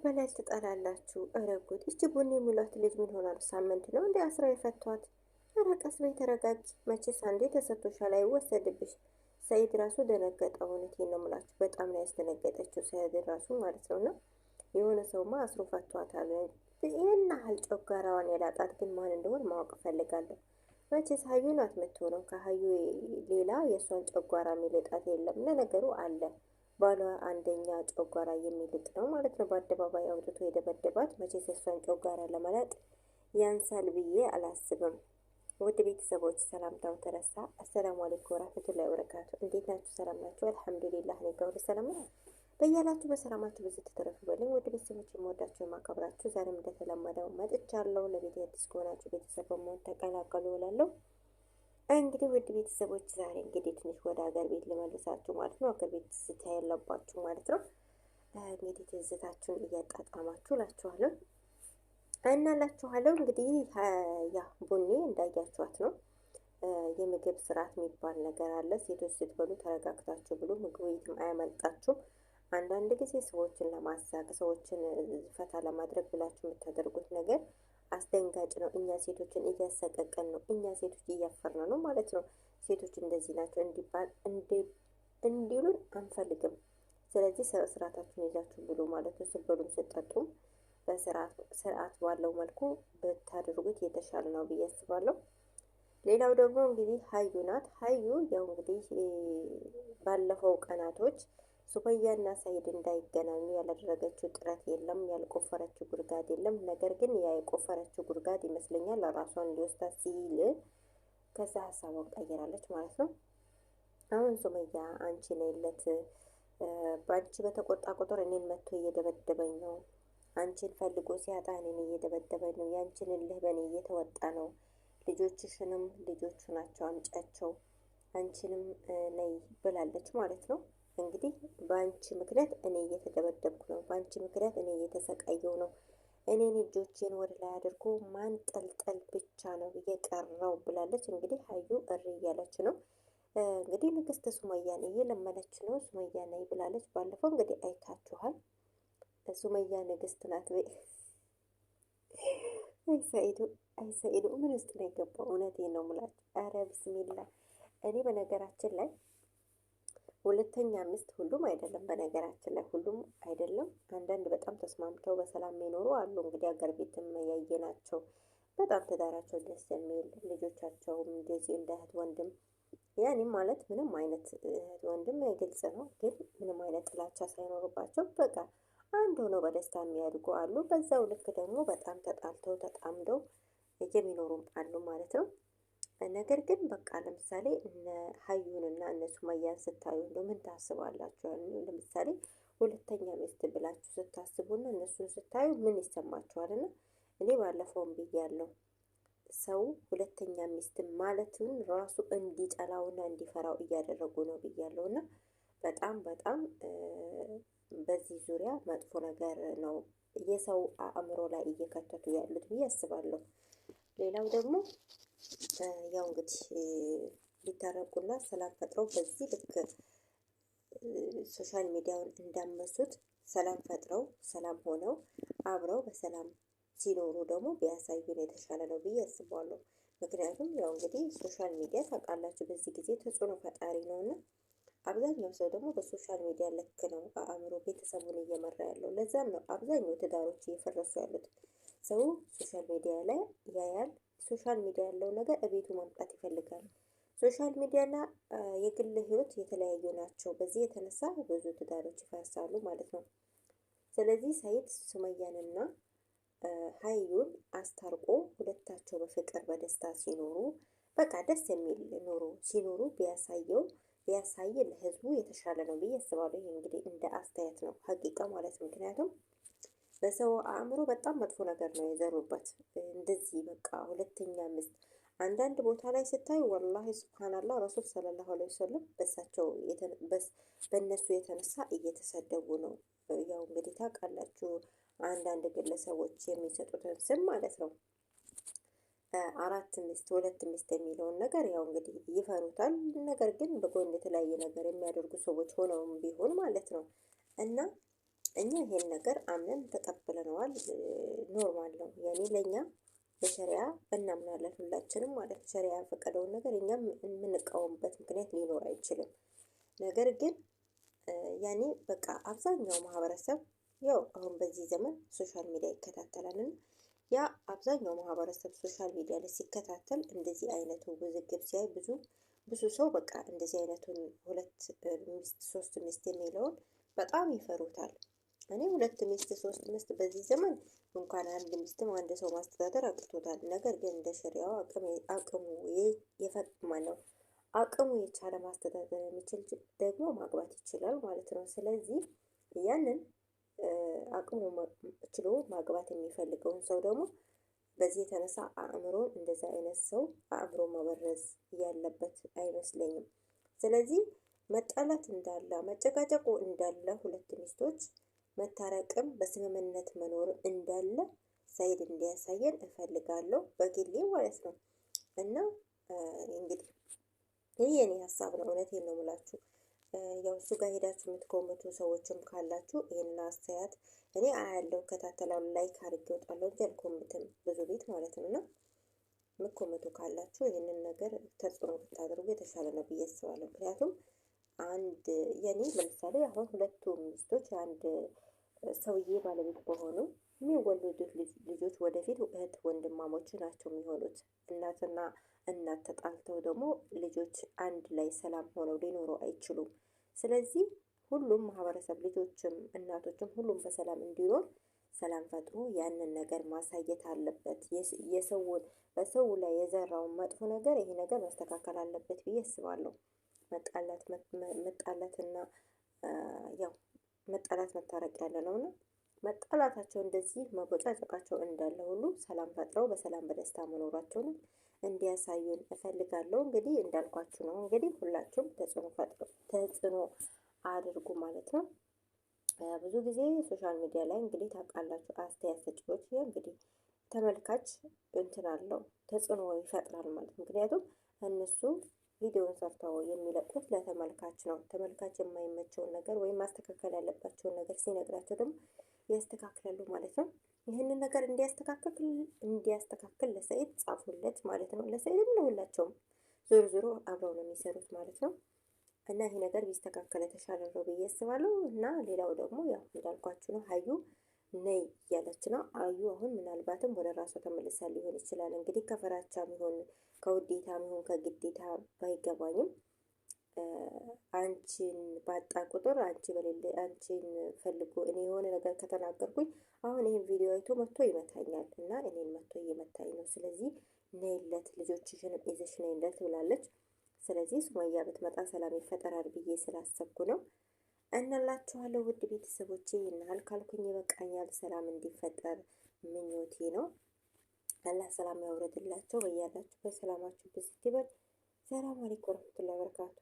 መበለል ትጠላላችሁ። ኧረ ጉድ! እች ቡኒ የሚሏት ልጅ ምን ሆናሉ? ሳምንት ነው እንዲ አስራ የፈቷት። ኧረ ቀስ በይ ተረጋጊ። መቼስ አንዴ ተሰጥቶሻል፣ አይወሰድብሽ። ሰይድ ራሱ ደነገጠ። እውነቴን ነው የምላችሁ፣ በጣም ነው ያስደነገጠችው ሰይድ ራሱ ማለት ነው። እና የሆነ ሰውማ አስሮ ፈቷታል። ይህን ያህል ጮጋራዋን ያላጣት ግን ማን እንደሆን ማወቅ እፈልጋለሁ። መቼስ ሀዩ ናት የምትሆነው። ከሀዩ ሌላ የእሷን ጨጓራ የሚልጣት የለም። ለነገሩ አለ ባሏ አንደኛ ጨጓራ የሚልጥ ነው ማለት ነው። በአደባባይ አውጥቶ የደበደባት መቼ ሰሷን ጨጓራ ለመላጥ ያንሳል ብዬ አላስብም። ውድ ቤተሰቦች ሰላምታው ተረሳ። አሰላሙ አለይኩም ወራህመቱላሂ ወበረካቱ። እንዴት ናችሁ? ሰላም ናችሁ? አልሐምዱሊላህ እኔ ጋር ሰላም ነው። በያላችሁ በሰላማችሁ ብዙ ትተረፉበልኝ። ውድ ቤተሰቦች የምወዳችሁ የማከብራችሁ፣ ዛሬም እንደተለመደው መጥቻለሁ። ለቤት አዲስ ከሆናችሁ ቤተሰብ በመሆን ተቀላቀሉ እላለሁ። እንግዲህ ውድ ቤተሰቦች ዛሬ እንግዲህ ትንሽ ወደ ሀገር ቤት ልመልሳችሁ ማለት ነው። ሀገር ቤት ትዝታ ያለባችሁ ማለት ነው። እንግዲህ ትዝታችሁን እያጣጣማችሁ ላችኋለሁ እና ላችኋለሁ እንግዲህ ያ ቡኒ እንዳያችኋት ነው። የምግብ ስርዓት የሚባል ነገር አለ። ሴቶች ስትበሉ ተረጋግታችሁ ብሎ ምግቡ የትም አያመልጣችሁም። አንዳንድ ጊዜ ሰዎችን ለማሳቅ ሰዎችን ፈታ ለማድረግ ብላችሁ የምታደርጉት ነገር አስደንጋጭ ነው። እኛ ሴቶችን እያሰቀቀን ነው። እኛ ሴቶች እያፈርን ነው ማለት ነው። ሴቶች እንደዚህ ናቸው እንዲባል እንዲሉን አንፈልግም። ስለዚህ ስርዓታችሁን ይዛችሁ ብሉ ማለት ነው። ስበሉም ስጠጡም በስርዓት ባለው መልኩ ብታደርጉት የተሻለ ነው ብዬ አስባለሁ። ሌላው ደግሞ እንግዲህ ሀዩ ናት። ሀዩ ያው እንግዲህ ባለፈው ቀናቶች ሱመያና ሰይድ እንዳይገናኙ ያላደረገችው ጥረት የለም፣ ያልቆፈረችው ጉድጓድ የለም። ነገር ግን ያ የቆፈረችው ጉድጓድ ይመስለኛል ራሷን ሊወስዳ ሲል ከዛ ሀሳቧን ቀይራለች ማለት ነው። አሁን ሱመያ አንቺ ነይለት፣ በአንቺ በተቆጣ ቁጥር እኔን መጥቶ እየደበደበኝ ነው፣ አንቺን ፈልጎ ሲያጣ እኔን እየደበደበኝ ነው፣ ያንቺን እልህ በእኔ እየተወጣ ነው፣ ልጆችሽንም ልጆቹ ናቸው አምጫቸው፣ አንቺንም ነይ ብላለች ማለት ነው። እንግዲህ በአንቺ ምክንያት እኔ እየተደበደብኩ ነው፣ በአንቺ ምክንያት እኔ እየተሰቃየው ነው። እኔን እጆቼን ወደ ላይ አድርጎ ማንጠልጠል ብቻ ነው እየቀረው ብላለች። እንግዲህ ሀዩ እሪ እያለች ነው። እንግዲህ ንግስት ሱመያን እየለመነች ነው። ሱመያ ነይ ብላለች። ባለፈው እንግዲህ አይታችኋል። ሱመያ ንግስት ናት። አይሰኢዱ አይሰኢዱ ምን ውስጥ ነው የገባው? እውነቴን ነው የምላችሁ። አረ ብስሚላ እኔ በነገራችን ላይ ሁለተኛ ሚስት ሁሉም አይደለም፣ በነገራችን ላይ ሁሉም አይደለም። አንዳንድ በጣም ተስማምተው በሰላም የሚኖሩ አሉ። እንግዲህ አገር ቤትም ያየ ናቸው። በጣም ትዳራቸው ደስ የሚል ልጆቻቸውም እንደዚህ እንደ እህት ወንድም ያኔም ማለት ምንም አይነት እህት ወንድም ግልጽ ነው፣ ግን ምንም አይነት ጥላቻ ሳይኖርባቸው በቃ አንድ ሆነው በደስታ የሚያድጉ አሉ። በዛው ልክ ደግሞ በጣም ተጣልተው ተጣምደው የሚኖሩም አሉ ማለት ነው። ነገር ግን በቃ ለምሳሌ እነ ሀዩንና እነ ሱመያን ስታዩ እንደ ምን ታስባላችሁ? ለምሳሌ ሁለተኛ ሚስት ብላችሁ ስታስቡ ና እነሱን ስታዩ ምን ይሰማችኋል? እና እኔ ባለፈውን ብያለሁ፣ ሰው ሁለተኛ ሚስት ማለትን ራሱ እንዲጠላውና እንዲፈራው እያደረጉ ነው ብያለሁ። እና በጣም በጣም በዚህ ዙሪያ መጥፎ ነገር ነው የሰው አእምሮ ላይ እየከተቱ ያሉት ብዬ አስባለሁ። ሌላው ደግሞ ያው እንግዲህ ሊታረቁና ሰላም ፈጥረው በዚህ ልክ ሶሻል ሚዲያውን እንዳመሱት ሰላም ፈጥረው ሰላም ሆነው አብረው በሰላም ሲኖሩ ደግሞ ቢያሳዩን የተሻለ ነው ብዬ አስባለሁ። ምክንያቱም ያው እንግዲህ ሶሻል ሚዲያ ታውቃላችሁ በዚህ ጊዜ ተጽዕኖ ፈጣሪ ነው እና አብዛኛው ሰው ደግሞ በሶሻል ሚዲያ ልክ ነው አእምሮ ቤተሰቡን እየመራ ያለው። ለዛም ነው አብዛኛው ትዳሮች እየፈረሱ ያሉት። ሰው ሶሻል ሚዲያ ላይ ያያል ሶሻል ሚዲያ ያለው ነገር እቤቱ ማምጣት ይፈልጋል። ሶሻል ሚዲያና የግል ህይወት የተለያዩ ናቸው። በዚህ የተነሳ ብዙ ትዳሮች ይፈርሳሉ ማለት ነው። ስለዚህ ሰኢድ ሱመያንና ሀዩን አስታርቆ ሁለታቸው በፍቅር በደስታ ሲኖሩ በቃ ደስ የሚል ኑሮ ሲኖሩ ቢያሳየው ቢያሳይ ለህዝቡ የተሻለ ነው ብዬ አስባለሁ። ይህ እንግዲህ እንደ አስተያየት ነው ሀቂቃ ማለት ምክንያቱም በሰው አእምሮ በጣም መጥፎ ነገር ነው የዘሩበት። እንደዚህ በቃ ሁለተኛ ሚስት አንዳንድ ቦታ ላይ ስታይ ወላሂ ስብሓናላህ ረሱል ሰለላሁ ዐለይሂ ወሰለም በሳቸው በእነሱ የተነሳ እየተሰደቡ ነው። ያው እንግዲህ ታውቃላችሁ አንዳንድ ግለሰቦች የሚሰጡትን ስም ማለት ነው። አራት ሚስት ሁለት ሚስት የሚለውን ነገር ያው እንግዲህ ይፈሩታል። ነገር ግን በጎን የተለያየ ነገር የሚያደርጉ ሰዎች ሆነውም ቢሆን ማለት ነው እና እኛ ይሄን ነገር አምነን ተቀብለነዋል። ኖርማል ነው ያኔ ለእኛ በሸሪያ እናምናለን ሁላችንም ማለት ነው። ሸሪያ ነገር እኛም የምንቃወምበት ምክንያት ሊኖር አይችልም። ነገር ግን ያኔ በቃ አብዛኛው ማህበረሰብ ያው አሁን በዚህ ዘመን ሶሻል ሚዲያ ይከታተላል እና ያ አብዛኛው ማህበረሰብ ሶሻል ሚዲያ ላይ ሲከታተል እንደዚህ አይነቱ ውዝግብ ሲያይ ብዙ ብዙ ሰው በቃ እንደዚህ አይነቱን ሁለት ሚስት ሶስት ሚስት የሚለውን በጣም ይፈሩታል። እኔ ሁለት ሚስት ሶስት ሚስት በዚህ ዘመን እንኳን አንድ ሚስትም አንድ ሰው ማስተዳደር አቅቶታል። ነገር ግን እንደ ሸሪያው አቅሙ የፈቅማ ነው አቅሙ የቻለ ማስተዳደር የሚችል ደግሞ ማግባት ይችላል ማለት ነው። ስለዚህ ያንን አቅሙ ችሎ ማግባት የሚፈልገውን ሰው ደግሞ በዚህ የተነሳ አእምሮን እንደዛ አይነት ሰው አእምሮ መበረዝ ያለበት አይመስለኝም። ስለዚህ መጣላት እንዳለ መጨቃጨቁ እንዳለ ሁለት ሚስቶች መታረቅም በስምምነት መኖር እንዳለ ሰኢድ እንዲያሳየን እፈልጋለሁ፣ በግሌ ማለት ነው። እና እንግዲህ ይህ የኔ ሀሳብ ነው። እውነቴን ነው የምላችሁ። ያው እሱ ጋር ሄዳችሁ የምትኮምቱ ሰዎችም ካላችሁ ይህንን አስተያየት እኔ አያለው ከታተላሉ ላይክ አድርጌ እወጣለሁ እንጂ አልኮምትም ብዙ ቤት ማለት ነው። እና የምትኮምቱ ካላችሁ ይህንን ነገር ተጽዕኖ ብታደርጉ የተሻለ ነው ብዬ አስባለሁ። ምክንያቱም አንድ የኔ ለምሳሌ አሁን ሁለቱ ሚስቶች አንድ ሰውዬ ባለቤት በሆኑ የሚወለዱት ልጆች ወደፊት እህት ወንድማሞች ናቸው የሚሆኑት። እናትና እናት ተጣልተው ደግሞ ልጆች አንድ ላይ ሰላም ሆነው ሊኖሩ አይችሉም። ስለዚህ ሁሉም ማህበረሰብ ልጆችም እናቶችም ሁሉም በሰላም እንዲኖር ሰላም ፈጥሮ ያንን ነገር ማሳየት አለበት። የሰውን በሰው ላይ የዘራውን መጥፎ ነገር ይሄ ነገር መስተካከል አለበት ብዬ አስባለሁ። መጣላት መጣላትና ያው መጠላት መታረቅ ያለ ነው። መጠላታቸው እንደዚህ መቦጫጨቃቸው እንዳለ ሁሉ ሰላም ፈጥረው በሰላም በደስታ መኖራቸውን እንዲያሳዩን እፈልጋለሁ። እንግዲህ እንዳልኳችሁ ነው። እንግዲህ ሁላችሁም ተጽዕኖ ፈጥረው ተጽዕኖ አድርጉ ማለት ነው። ብዙ ጊዜ ሶሻል ሚዲያ ላይ እንግዲህ ታውቃላችሁ፣ አስተያየት ሰጪዎች እንግዲህ ተመልካች እንትን አለው ተጽዕኖ ይፈጥራል ማለት ምክንያቱም እነሱ ቪዲዮውን ሰርተው የሚለቁት ለተመልካች ነው። ተመልካች የማይመቸውን ነገር ወይም ማስተካከል ያለባቸውን ነገር ሲነግራቸው ደግሞ ያስተካክላሉ ማለት ነው። ይህንን ነገር እንዲያስተካክል እንዲያስተካክል ለሰኢድ ጻፉለት ማለት ነው። ለሰኢድም ለሁላቸውም ዞሮ ዞሮ አብረው ነው የሚሰሩት ማለት ነው። እና ይሄ ነገር ቢስተካከል የተሻለ ነው ብዬ አስባለሁ። እና ሌላው ደግሞ ያው እንዳልኳችሁ ነው ሀዩ ነይ እያለች ነው። አዩ አሁን ምናልባትም ወደ ራሷ ተመልሳ ሊሆን ይችላል እንግዲህ ከፈራቻ ሊሆን ከውዴታ ይሁን ከግዴታ ባይገባኝም አንቺን ባጣ ቁጥር አንቺ በሌለ አንቺን ፈልጎ እኔ የሆነ ነገር ከተናገርኩኝ አሁን ይህን ቪዲዮ አይቶ መጥቶ ይመታኛል እና እኔን መጥቶ እየመታኝ ነው። ስለዚህ ነይለት ልጆችሽንም ይዘሽ ነይለት ብላለች። ስለዚህ ሱመያ ብትመጣ ሰላም ይፈጠራል ብዬ ስላሰብኩ ነው እናላችኋለሁ። ውድ ቤተሰቦቼ ይህን ካልኩኝ ይበቃኛል። ሰላም እንዲፈጠር ምኞቴ ነው። አላህ ሰላም ያውረድላቸው። በያላችሁበት ሰላማችሁ ብዙ ይበል። ሰላም አለይኩም ወረህመቱላሂ ወበረካቱ